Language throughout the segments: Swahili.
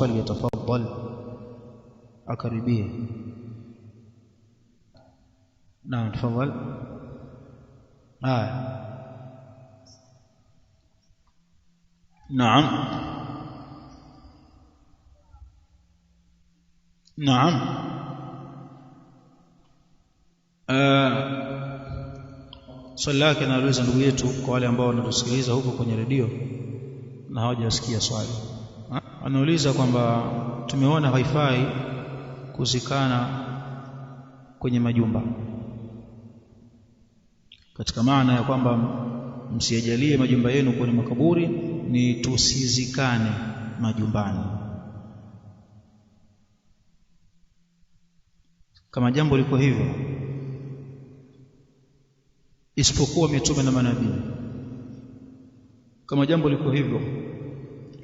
فليتفضل akaribie نعم tafadhal آه. naam naam آه. Eh, swali lake anauliza ndugu yetu kwa wale ambao wanatusikiliza huko kwenye redio na hawajasikia swali anauliza kwamba tumeona haifai kuzikana kwenye majumba katika maana ya kwamba msijalie majumba yenu kwenye makaburi ni tusizikane majumbani kama jambo liko hivyo isipokuwa mitume na manabii kama jambo liko hivyo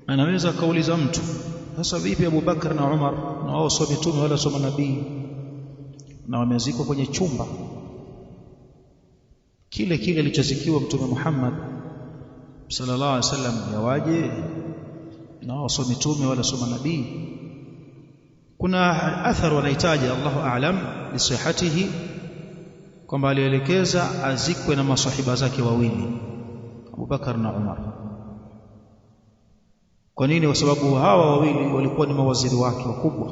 anaweza kauliza mtu sasa vipi Abu Bakar na Umar na wao sio mitume wala sio manabii na wamezikwa kwenye chumba kile kile alichozikiwa mtume Muhammad sallallahu alaihi wasallam yawaje na wao sio mitume wala sio manabii kuna athar wanahitaji Allahu aalam lisihatihi kwamba alielekeza azikwe na masahiba zake wawili Abu Bakar na Umar kwa nini? Kwa sababu hawa wawili walikuwa ni mawaziri wake wakubwa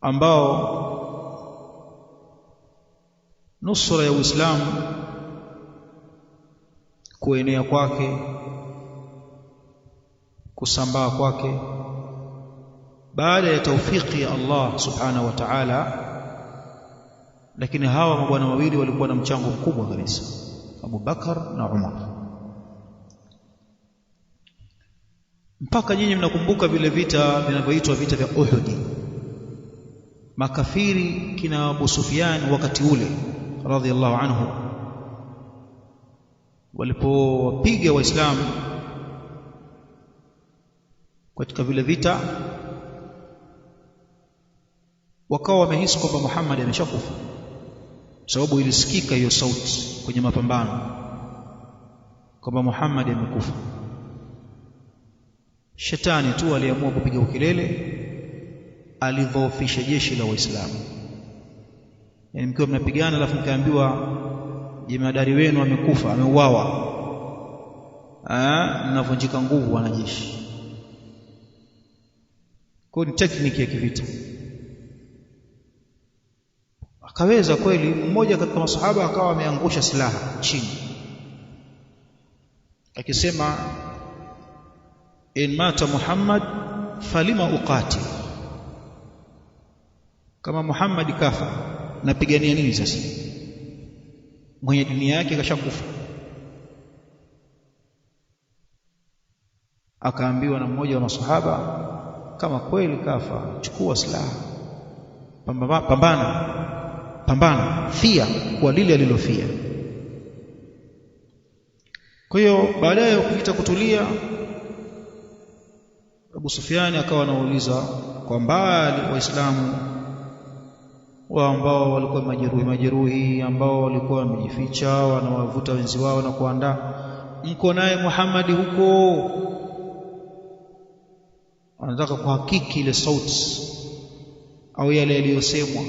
ambao nusura ya Uislamu kuenea kwake kusambaa kwake baada ya taufiki ya Allah subhanahu wa ta'ala. Lakini hawa mabwana wawili walikuwa na mchango mkubwa kabisa, Abu Bakar na Umar. mpaka nyinyi mnakumbuka vile vita vinavyoitwa vita vya Uhud makafiri kina Abu Sufyan wakati ule radhiallahu anhu walipowapiga waislamu katika vile vita wakawa wamehisi kwamba Muhammad ameshakufa sababu ilisikika hiyo sauti kwenye mapambano kwamba Muhammad amekufa Shetani tu aliamua kupiga ukelele, alidhoofisha jeshi la Waislamu. Yaani mkiwa mnapigana alafu mkaambiwa jemadari wenu amekufa, ameuawa, ah, mnavunjika nguvu wanajeshi. Kwa ni tekniki ya kivita. Akaweza kweli, mmoja katika masahaba akawa ameangusha silaha chini akisema in mata Muhammad falima uqati kama Muhammad kafa napigania nini sasa mwenye dunia yake kashakufa akaambiwa na mmoja wa masahaba kama kweli kafa chukua silaha pambana pambana fia kwa lile alilofia kwa hiyo baadaye ukita kutulia Abu Sufyani akawa anauliza kwa mbali waislamu wa ambao walikuwa majeruhi majeruhi, ambao walikuwa wamejificha, wanawavuta wenzi wao na kuandaa, mko naye Muhammad huko? Anataka kuhakiki ile sauti au yale yaliyosemwa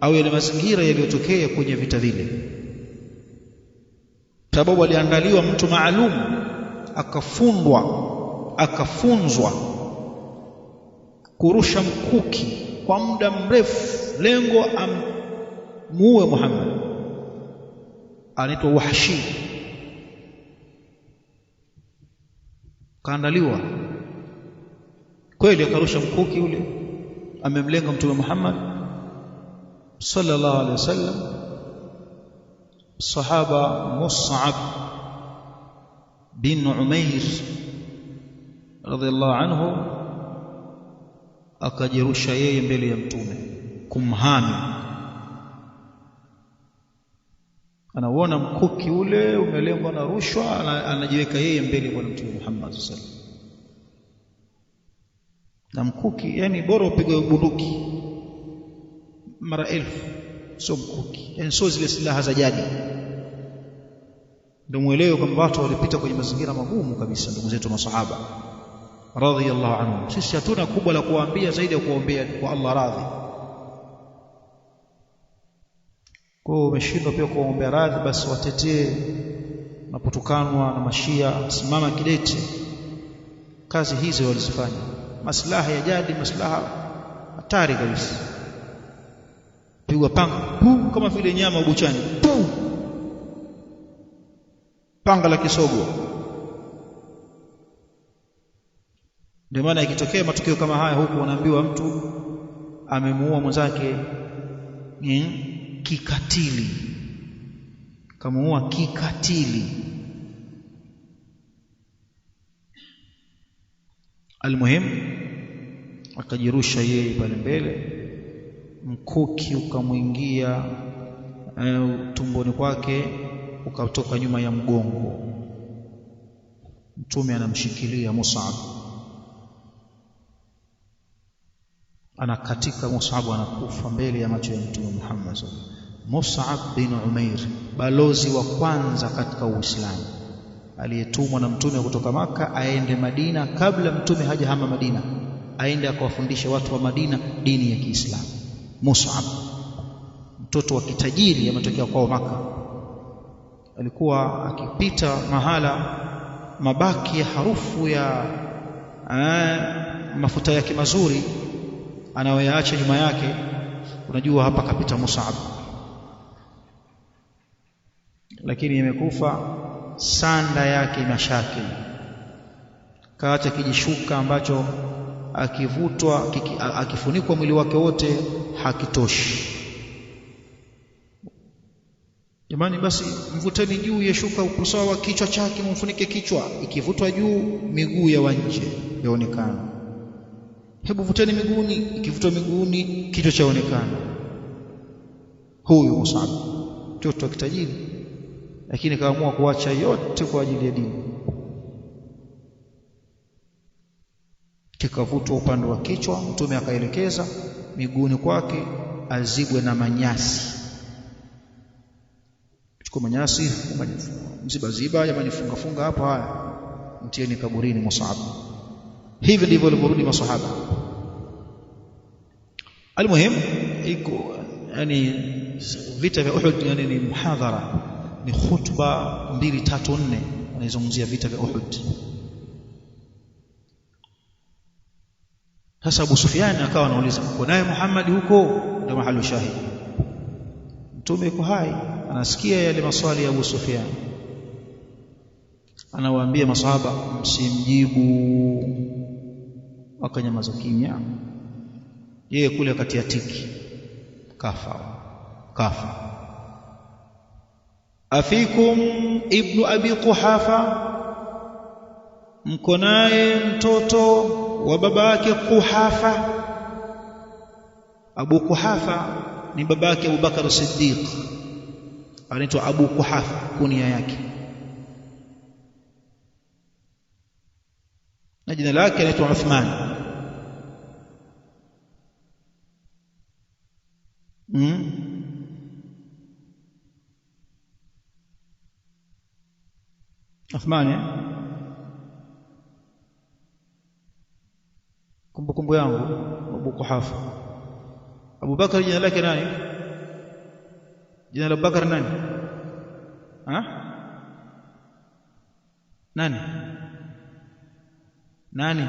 au yale mazingira yaliyotokea kwenye vita vile, sababu aliandaliwa mtu maalum akafundwa akafunzwa kurusha mkuki kwa muda mrefu, lengo amuue Muhammad. Anaitwa Wahshi, kaandaliwa kweli, akarusha mkuki ule, amemlenga Mtume Muhammad sallallahu alaihi wasallam. Sahaba Mus'ab bin Umair radhiallahu anhu akajirusha yeye mbele ya mtume kumhami anauona mkuki ule umelengwa na rushwa anajiweka yeye mbele ya mtume Muhammad sallallahu alaihi na mkuki yani bora upige bunduki mara elfu sio mkuki yani sio zile silaha za jadi ndo mwelewe kwamba watu walipita kwenye mazingira magumu kabisa ndugu zetu masahaba radhiyallahu anhu. Sisi hatuna kubwa la kuwaambia zaidi ya kuombea kwa Allah radhi. Kwa hiyo umeshindwa pia kuwaombea radhi, basi watetee unapotukanwa na mashia, simama kidete. Kazi hizo walizifanya, maslaha ya jadi, maslaha hatari kabisa, pigwa panga kama vile nyama ubuchani, panga la kisogo Ndio maana ikitokea matukio kama haya huku, wanaambiwa mtu amemuua mwenzake eh, kikatili, kamuua kikatili. Almuhimu akajirusha yeye pale mbele, mkuki ukamwingia e, tumboni kwake ukatoka nyuma ya mgongo. Mtume anamshikilia Mus'ab anakatika Mus'ab anakufa mbele ya macho ya Mtume Muhammad SAW. Mus'ab bin Umair, balozi wa kwanza katika Uislamu aliyetumwa na mtume kutoka Maka aende Madina, kabla mtume hajahama Madina, aende akawafundisha watu wa Madina dini ya Kiislamu. Mus'ab mtoto wa kitajiri ametokea kwao Maka, alikuwa akipita mahala mabaki ya harufu ya eh, mafuta yake mazuri anayoyaacha nyuma yake, unajua hapa kapita Mus'ab, lakini imekufa sanda yake ina shaki, kaacha kijishuka ambacho akivutwa akifunikwa mwili wake wote hakitoshi. Jamani, basi mvuteni juu ya shuka wa kichwa chake mfunike kichwa, ikivutwa juu miguu ya wanje yaonekana hebu vuteni miguuni. Ikivutwa miguuni, kichwa chaonekana. Huyu Musab mtoto wa kitajiri, lakini akaamua kuacha yote kwa ajili ya dini. Kikavutwa upande wa kichwa, Mtume akaelekeza miguuni kwake azibwe na manyasi. Chukua manyasi, ziba, jamani, fungafunga hapo, haya mtieni kaburini Musab hivi ndivyo walivyorudi maswahaba almuhim iko yani vita vya Uhud yani ni mhadhara ni khutba mbili tatu nne anazungumzia vita vya Uhud sasa Abu Sufyan akawa anauliza uko naye Muhammad huko ndio mahali shahidi mtume yuko hai anasikia yale maswali ya Abu Sufyan anawaambia masahaba msimjibu wakanyamaza kimya. Yeye kule ya tiki, kafa kafa. Afikum ibnu abi Quhafa, mko naye mtoto wa baba Quhafa. Abu Quhafa ni baba yake Abubakar Siddiq, anaitwa Abu Quhafa kunia yake na jina lake anaitwa Uthman hmm? Athmani eh? kumbukumbu yangu Abu Kuhafa Abu Bakar jina lake nani jina la Bakar nani ha nani nani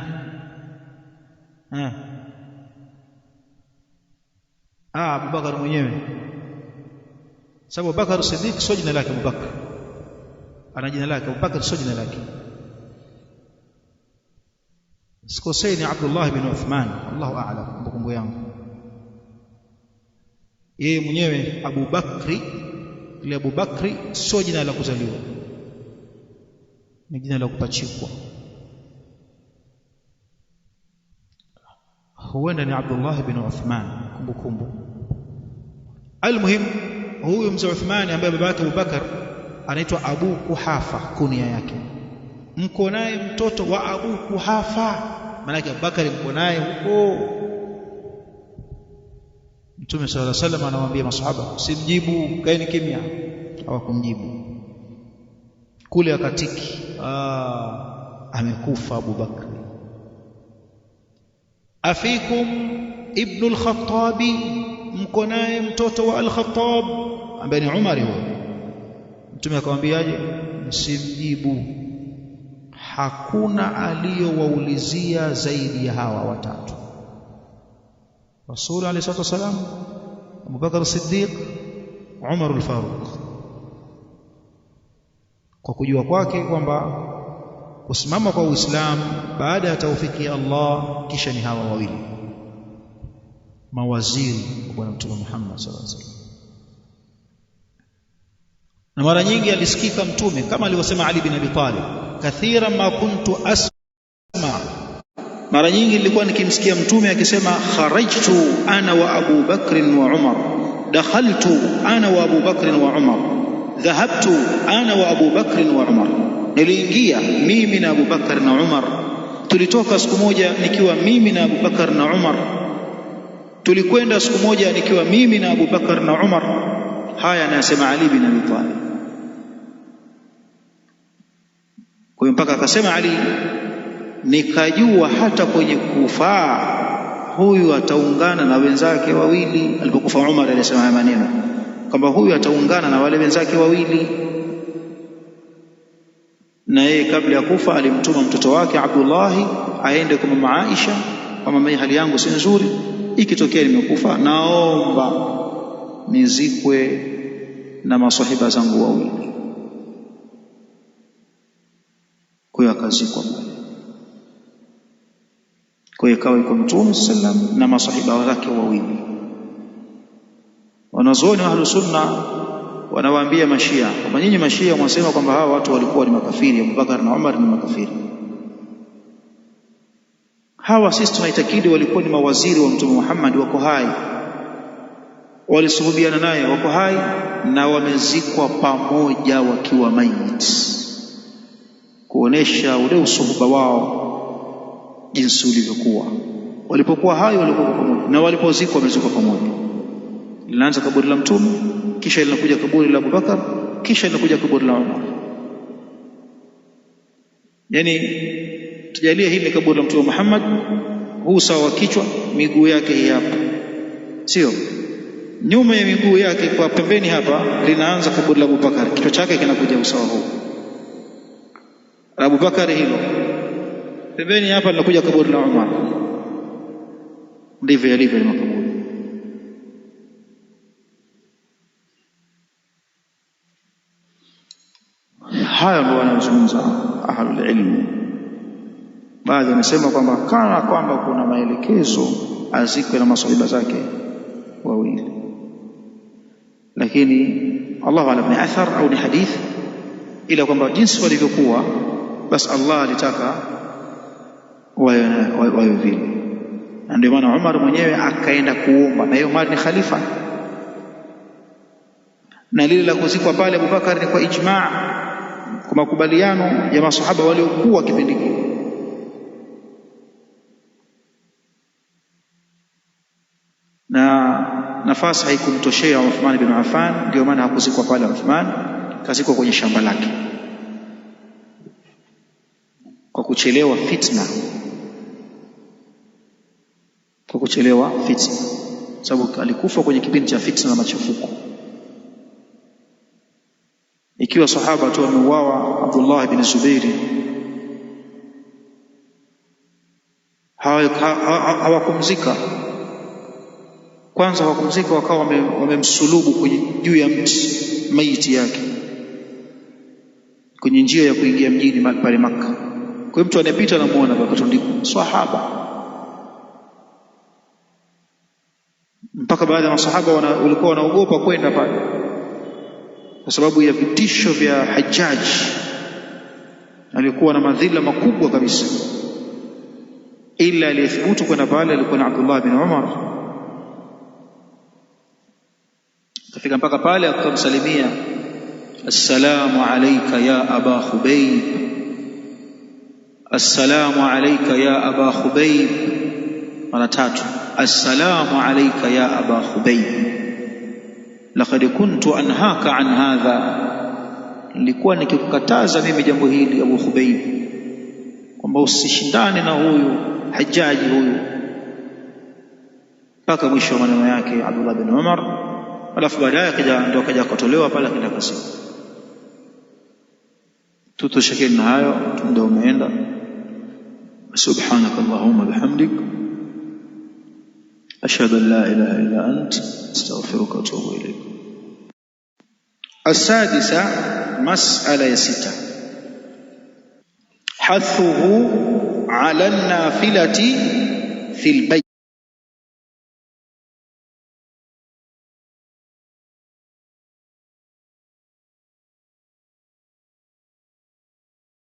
ha ah Abubakar mwenyewe sababu Abubakar Siddiq sio jina lake Abubakar ana jina lake Abubakar sio jina lake sikosei ni Abdullah bin Uthman Allahu a'lam kumbukumbu yangu yeye mwenyewe Abu Bakri ile Abu Bakri sio jina la kuzaliwa ni jina la kupachikwa huenda ni Abdullah bin Uthman kumbukumbu المهم هو يمز عثمان يمبي بباته أبو بكر أنا يتوى أبو كحافة كوني ياك مكوناي متوتو وأبو كحافة ملاك أبو بكر مكوناي متوى صلى الله عليه وسلم أنا وانبيه مصحابة سنجيبو كين كيميا أو كنجيبو كولي أكاتيك آه. أمكوفة أبو بكر أفيكم ابن الخطابي mko naye mtoto wa al-Khattab ambaye ni Umar huyo mtume akamwambiaje msimjibu hakuna aliyowaulizia zaidi ya hawa watatu Rasul alayhi salatu wasalam Abu Bakar Siddiq Umar al-Faruq kwa kujua kwake kwamba kusimama kwa Uislamu baada ya taufiki ya Allah kisha ni hawa wawili mawaziri wa bwana mtume Muhammad sallallahu alaihi na mara nyingi alisikika mtume kama alivyosema Ali bin Abi Talib kathira ma kuntu asma mara nyingi nilikuwa nikimsikia mtume akisema kharajtu ana wa Abu Bakr wa Umar dakhaltu ana wa Abu Bakr wa Umar dhahabtu ana wa Abu Bakr wa Umar niliingia mimi na Abu Bakr na Umar tulitoka siku moja nikiwa mimi na Abu Bakr na Umar Tulikwenda siku moja nikiwa mimi na Abu Bakar na Umar, haya anayasema Ali bin Abi Talib. Kwa hiyo mpaka akasema Ali, nikajua hata kwenye kufaa huyu ataungana na wenzake wawili. Alipokufa Umar alisema haya maneno kwamba huyu ataungana na wale wenzake wawili, na yeye kabla ya kufa alimtuma mtoto wake Abdullahi aende kwa mama Aisha, kwa mama, hali yangu si nzuri ikitokea nimekufa, naomba nizikwe na masahiba zangu wawili. Kwa hiyo akazikwa mbali. Kwa hiyo ikawa iko Mtume sallam na masahiba wake wawili. Wanazuoni wa Ahlusunna wanawaambia Mashia kwamba nyinyi Mashia mwasema kwamba hawa watu walikuwa ni makafiri, Abubakar na Umar ni makafiri hawa sisi tunaitakidi walikuwa ni mawaziri wa Mtume Muhammad, wako hai, walisuhubiana naye, wako hai na wamezikwa pamoja wakiwa maiti, kuonesha ule usuhuba wao jinsi ulivyokuwa. Walipokuwa hai walikuwa pamoja, na walipozikwa wamezikwa pamoja. Linaanza kaburi la Mtume, kisha linakuja kaburi la Abubakar, kisha linakuja kaburi la Umar, yani tujalie hili kaburi la Mtume Muhammad, huu sawa wa kichwa, miguu yake hii hapa, sio nyuma ya miguu yake, kwa pembeni hapa linaanza kaburi la Abubakar, kichwa chake kinakuja usawa huu Abubakar, hilo pembeni hapa linakuja kaburi la Umar. Ndivyo yalivyo makaburi. Hayo ndio wanazungumza ahlul Baadhi wamesema kwamba kana kwamba kuna maelekezo azikwe na masahiba zake wawili, lakini Allahu alam ni athar au ni hadithi, ila kwamba jinsi walivyokuwa basi Allah alitaka wawe vile, na ndio maana Umar mwenyewe akaenda kuomba, na hiyo Umar ni khalifa, na lile la kuzikwa pale Abubakar ni kwa ijma, kwa makubaliano ya masahaba waliokuwa kipindi kile nafasi haikumtoshea Uthman bin Affan, ndio maana hakuzikwa pale Uthman, kazikwa kwenye shamba lake kwa kuchelewa fitna, kwa kuchelewa fitna, sababu alikufa kwenye kipindi cha fitna na machafuko. Ikiwa sahaba tu ameuawa, Abdullah bin Zubairi, hawakumzika kwanza wakumzika wakawa wamemsulubu kwenye juu ya mti maiti yake kwenye njia ya kuingia mjini pale Makka. Kwa hiyo mtu anayepita anamuona pakatundikwa sahaba, mpaka baadhi ya masahaba walikuwa wanaogopa kwenda pale kwa sababu ya vitisho vya Hajjaji alikuwa na madhila makubwa kabisa. Ila aliyethubutu kwenda pale alikuwa na Abdullah bin Umar kafika mpaka pale akamsalimia assalamu alayka ya aba Khubayb, assalamu alayka ya aba Khubayb. Mara tatu, assalamu alayka ya aba Khubayb, laqad kuntu anhaaka an hadha, nilikuwa nikikukataza mimi jambo hili Abu Khubayb, kwamba usishindane na huyu Hajaji huyu, mpaka mwisho wa maneno yake Abdullah bin Umar alafu baadaye ndio akaja akatolewa pale, akaenda kazini. Tutoshekeni na hayo, ndio umeenda. Subhanaka Allahumma bihamdik ashhadu an la ilaha illa ant astaghfiruka wa atubu ilaik. Asadisa, masala ya sita, hathuhu ala nafilati fil bayt